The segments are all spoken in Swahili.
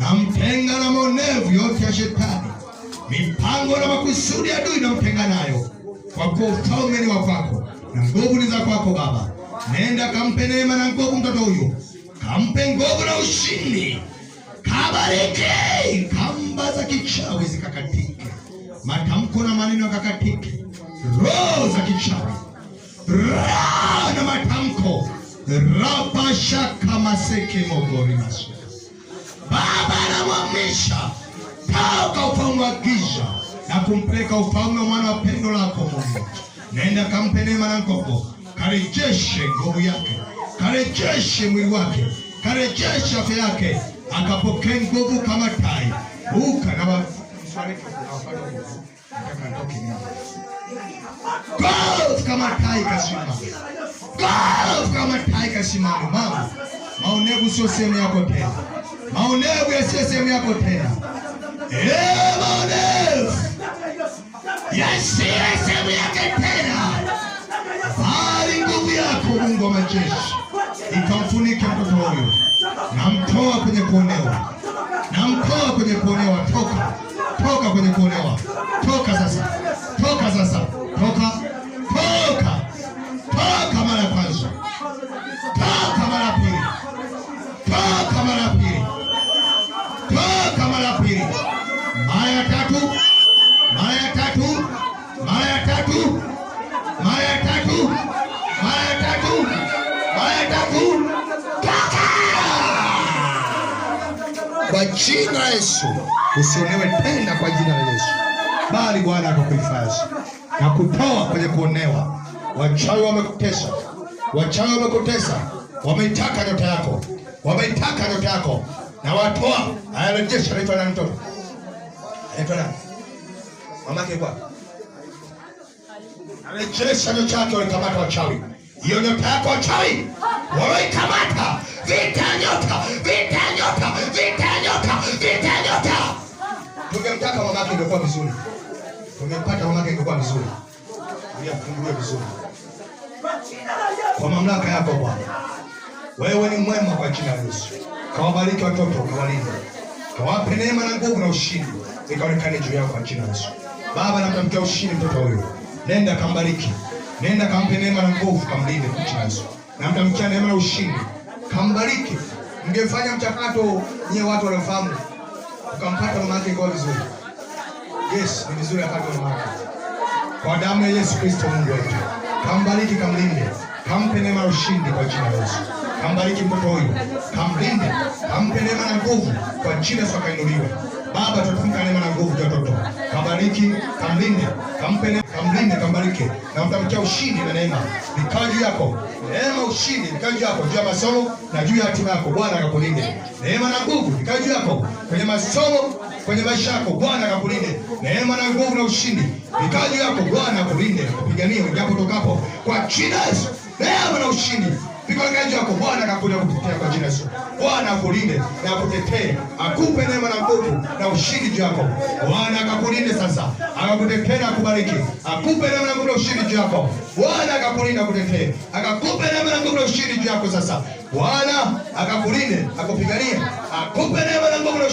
namtenga na maonevu yote ya Shetani, mipango na makusudi adui namtenga nayo, kwa kuwa ufalme ni wa kwako na nguvu ni za kwako Baba. Nenda kampe neema na nguvu mtoto huyu, kampe nguvu na ushindi, kabarike. Kamba za kichawi zikakatike, matamko na maneno yakakatike, roho za kichawi na matamko rapashaka maseke mogori maso Baba anamwamisha toka ufalme wa giza na kumpeleka ufalme mwana wa pendo lako Mungu. Nenda kampe neema na nguvu, karejeshe nguvu yake, karejeshe mwili wake, karejeshe afya yake, akapokee nguvu kama tai uka na wafariki Golf kama tai kasimama. kama tai Mama, maonevu sio sehemu yako tena. Maonevu yasiyo sehemu yako tena, ee, maonevu yasiyo sehemu yake tena, bali nguvu yako Mungu wa majeshi ikamfunike mtoto huyo, namtoa kwenye kuonewa, namtoa kwenye kuonewa, toka toka kwenye kuonewa, toka jina Yesu usionewe tena, kwa jina la Yesu, bali Bwana atakuhifadhi na kutoa kwenye kuonewa. Wachawi wamekutesa, wachawi wamekutesa, wameitaka nyota yako, wameitaka nyota yako na watoa ayarejesha. Anaitwa nani mtoto? Anaitwa nani? Mamake kwa arejesha nyota yake, walikamata wachawi hiyo nyota yako chawi wameikamata. Vita nyota, vita nyota, vita nyota, vita nyota. Tungemtaka mamake ingekuwa vizuri, tungempata mamake ingekuwa vizuri, uliafunguliwe vizuri kwa mamlaka yako Bwana. Wewe ni mwema kwa jina la Yesu. Kawabariki watoto, kawalinde, kawape neema na nguvu na ushindi, ikaonekane juu yao kwa jina la Yesu. Baba, natamkia ushindi mtoto huyo, nenda kambariki Nenda kampe neema na nguvu, kamlinde kuchazo na mtamkia neema ya ushindi, kambariki. mgefanya mchakato nye watu wanafahamu, ukampata mama yake kwa vizuri. Yes, ni vizuri apate mama yake kwa damu ya Yesu Kristo. Mungu wetu kambariki, kamlinde, kampe neema ya ushindi kwa jina la Yesu kambariki mtoto huyu, kamlinde, kampe neema na nguvu, kwa jina Yesu akainuliwe. Baba, tunatamka neema na nguvu kwa mtoto, kabariki, kamlinde, kampe, neema, kamlinde, kambariki na utamkia ushindi na neema, ikawa juu yako neema, ushindi ikawa juu yako, juu ya masomo na juu ya hatima yako. Bwana akakulinde, neema na nguvu ikawa juu yako kwenye masomo kwenye maisha yako Bwana akakulinde, neema na nguvu na ushindi ikawa yako. Bwana akulinde, kupigania ujapo tokapo, kwa jina Yesu, neema na ushindi Vikongeji wako Bwana anakuja kutetea kwa jina Yesu. Bwana akulinde na akutetee, akupe neema na nguvu na ushindi juu yako. Bwana akakulinde sasa, akakutetee na akubariki, akupe neema na nguvu na ushindi juu yako. Bwana akakulinde, akutetee, akakupe neema na nguvu na ushindi juu yako sasa. Bwana akakulinde, akupiganie, akupe neema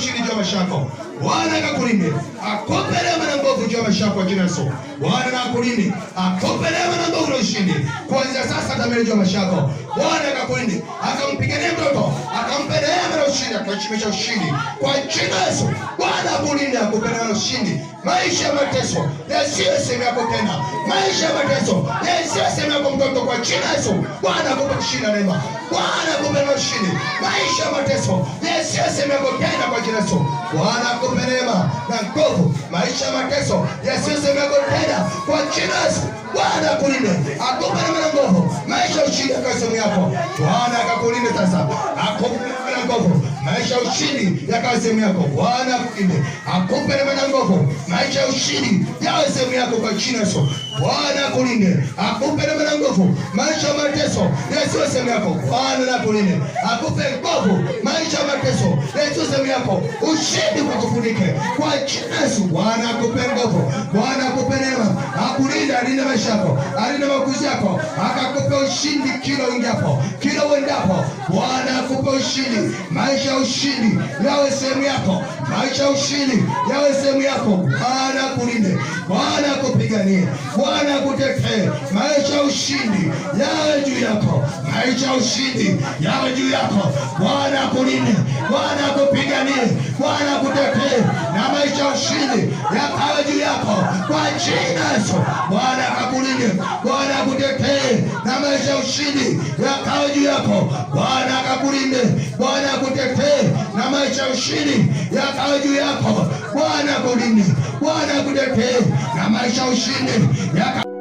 chini juu ya maisha yako. Bwana akakulinde, akupe neema na nguvu juu ya maisha yako kwa jina la Yesu. Bwana akakulinde, akupe neema na nguvu na ushindi. Kuanzia sasa tameni juu ya maisha yako. Bwana akakulinde, mtoto akampe neema na ushindi, akaheshimisha ushindi kwa jina Yesu. Bwana akulinde, akupe na ushindi. Maisha ya mateso yasiwe sehemu yako tena, maisha ya mateso yasiwe sehemu yako mtoto, kwa jina Yesu. Bwana akupe ushindi na neema, Bwana akupe na ushindi. Maisha ya mateso yasiwe sehemu yako tena, kwa jina Yesu. Bwana akupe neema na nguvu. Maisha ya mateso yasiwe sehemu yako tena, kwa jina Yesu. Bwana akulinde, akupe neema na nguvu. Maisha ya ushindi yako sehemu yako, Bwana akakulinde sasa, akupe Yeah. nguvu, maisha ya ushindi yakawe sehemu yako. Bwana akuinde, akupe neema na nguvu, maisha ya ushindi yawe sehemu yako kwa jina la Yesu. Bwana kulinde, akupe neema na nguvu, maisha ya mateso yasiwe sehemu yako. Bwana na kulinde, akupe nguvu, maisha ya mateso yasiwe sehemu yako. Ushindi kukufunike kwa jina la Yesu. Bwana akupe nguvu, Bwana akupe neema, akulinde, alinde maisha yako, alinde makuzi yako, akakupe ushindi kila unjapo, kila uendapo. Bwana akupe ushindi maisha ya ushindi yawe sehemu yako, maisha ya ushindi yawe sehemu yako. Bwana kulinde, Bwana kupiganie, Bwana kutetee, maisha ya ushindi yawe yako, maisha ushindi yawe juu yako. Bwana akulinde, Bwana akupiganie, Bwana akutetee, na maisha ushindi yakawe juu yako kwa jina Yesu. Bwana akulinde Bwana akutetee, na maisha ushindi yakawe juu yako. Bwana akakulinde, Bwana akutetee, na maisha ushindi yakawe juu yako. Bwana akulinde, Bwana akutetee, na maisha ushindi yaka